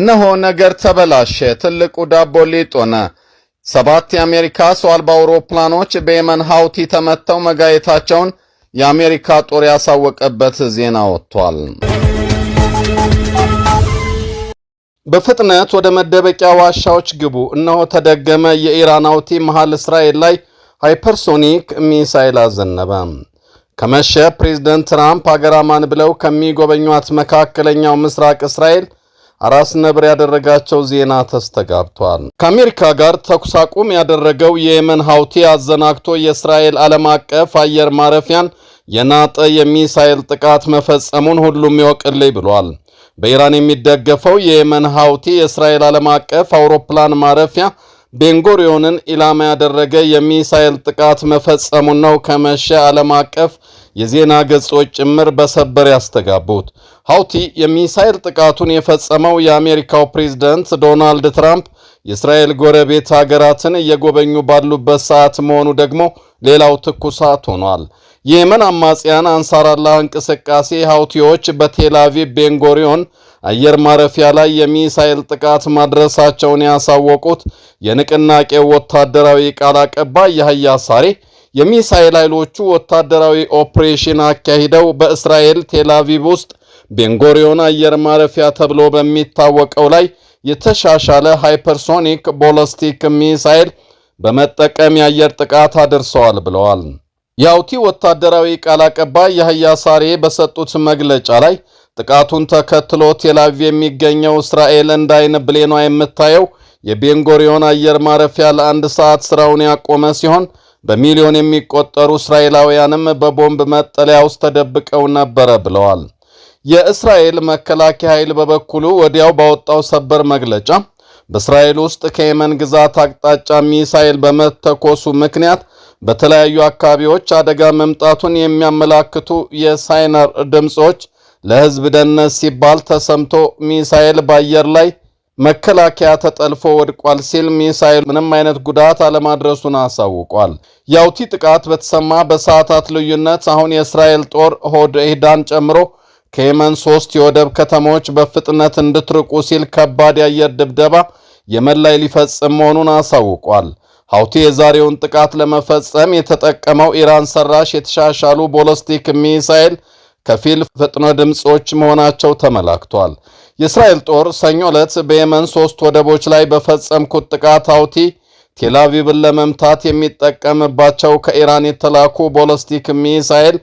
እነሆ ነገር ተበላሸ፣ ትልቁ ዳቦ ሊጥ ሆነ። ሰባት የአሜሪካ ሰው አልባ አውሮፕላኖች በየመን ሀውቲ ተመተው መጋየታቸውን የአሜሪካ ጦር ያሳወቀበት ዜና ወጥቷል። በፍጥነት ወደ መደበቂያ ዋሻዎች ግቡ። እነሆ ተደገመ። የኢራን ሀውቲ መሃል እስራኤል ላይ ሃይፐርሶኒክ ሚሳይል አዘነበ። ከመሸ ፕሬዝደንት ትራምፕ አገራማን ብለው ከሚጎበኟት መካከለኛው ምስራቅ እስራኤል አራስ ነብር ያደረጋቸው ዜና ተስተጋብቷል። ከአሜሪካ ጋር ተኩስ አቁም ያደረገው የየመን ሀውቲ አዘናግቶ የእስራኤል ዓለም አቀፍ አየር ማረፊያን የናጠ የሚሳኤል ጥቃት መፈጸሙን ሁሉም ይወቅልኝ ብሏል። በኢራን የሚደገፈው የየመን ሀውቲ የእስራኤል ዓለም አቀፍ አውሮፕላን ማረፊያ ቤንጎሪዮንን ኢላማ ያደረገ የሚሳኤል ጥቃት መፈጸሙን ነው ከመሸ ዓለም አቀፍ የዜና ገጾች ጭምር በሰበር ያስተጋቡት። ሀውቲ የሚሳይል ጥቃቱን የፈጸመው የአሜሪካው ፕሬዝደንት ዶናልድ ትራምፕ የእስራኤል ጎረቤት ሀገራትን እየጎበኙ ባሉበት ሰዓት መሆኑ ደግሞ ሌላው ትኩሳት ሆኗል። የየመን አማጽያን አንሳራላ እንቅስቃሴ ሀውቲዎች በቴላቪቭ ቤንጎሪዮን አየር ማረፊያ ላይ የሚሳኤል ጥቃት ማድረሳቸውን ያሳወቁት የንቅናቄው ወታደራዊ ቃል አቀባይ ያህያ ሳሬ የሚሳኤል ኃይሎቹ ወታደራዊ ኦፕሬሽን አካሂደው በእስራኤል ቴላቪቭ ውስጥ ቤንጎሪዮን አየር ማረፊያ ተብሎ በሚታወቀው ላይ የተሻሻለ ሃይፐርሶኒክ ቦለስቲክ ሚሳኤል በመጠቀም የአየር ጥቃት አድርሰዋል ብለዋል። የአውቲ ወታደራዊ ቃል አቀባይ ያህያ ሳሬ በሰጡት መግለጫ ላይ ጥቃቱን ተከትሎ ቴላቪቭ የሚገኘው እስራኤል እንደ አይን ብሌኗ የምታየው የቤንጎሪዮን አየር ማረፊያ ለአንድ ሰዓት ስራውን ያቆመ ሲሆን በሚሊዮን የሚቆጠሩ እስራኤላውያንም በቦምብ መጠለያ ውስጥ ተደብቀው ነበረ ብለዋል። የእስራኤል መከላከያ ኃይል በበኩሉ ወዲያው ባወጣው ሰበር መግለጫ በእስራኤል ውስጥ ከየመን ግዛት አቅጣጫ ሚሳኤል በመተኮሱ ምክንያት በተለያዩ አካባቢዎች አደጋ መምጣቱን የሚያመላክቱ የሳይነር ድምፆች ለሕዝብ ደህንነት ሲባል ተሰምቶ ሚሳኤል በአየር ላይ መከላከያ ተጠልፎ ወድቋል ሲል ሚሳኤል ምንም አይነት ጉዳት አለማድረሱን አሳውቋል። የአውቲ ጥቃት በተሰማ በሰዓታት ልዩነት አሁን የእስራኤል ጦር ሆዴይዳን ጨምሮ ከየመን ሶስት የወደብ ከተሞች በፍጥነት እንድትርቁ ሲል ከባድ የአየር ድብደባ የመን ላይ ሊፈጽም መሆኑን አሳውቋል። ሀውቲ የዛሬውን ጥቃት ለመፈጸም የተጠቀመው ኢራን ሰራሽ የተሻሻሉ ቦለስቲክ ሚሳኤል ከፊል ፍጥኖ ድምፆች መሆናቸው ተመላክቷል። የእስራኤል ጦር ሰኞ ዕለት በየመን ሦስት ወደቦች ላይ በፈጸምኩት ጥቃት አውቲ ቴልአቪቭን ለመምታት የሚጠቀምባቸው ከኢራን የተላኩ ቦለስቲክ ሚሳይል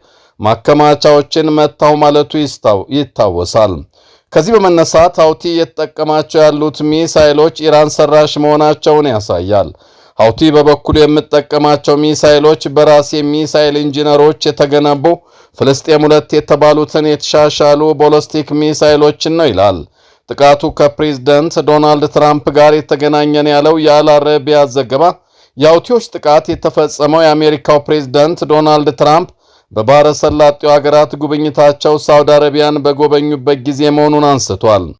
ማከማቻዎችን መታው ማለቱ ይታወሳል። ከዚህ በመነሳት ሀውቲ እየተጠቀማቸው ያሉት ሚሳይሎች ኢራን ሰራሽ መሆናቸውን ያሳያል። ሀውቲ በበኩሉ የምጠቀማቸው ሚሳይሎች በራሴ ሚሳይል ኢንጂነሮች የተገነቡ ፍልስጤም ሁለት የተባሉትን የተሻሻሉ ቦሎስቲክ ሚሳይሎችን ነው ይላል። ጥቃቱ ከፕሬዝደንት ዶናልድ ትራምፕ ጋር የተገናኘን ያለው የአልአረቢያ ዘገባ የአውቲዎች ጥቃት የተፈጸመው የአሜሪካው ፕሬዝደንት ዶናልድ ትራምፕ በባሕረ ሰላጤው አገራት ጉብኝታቸው ሳውዲ አረቢያን በጎበኙበት ጊዜ መሆኑን አንስቷል።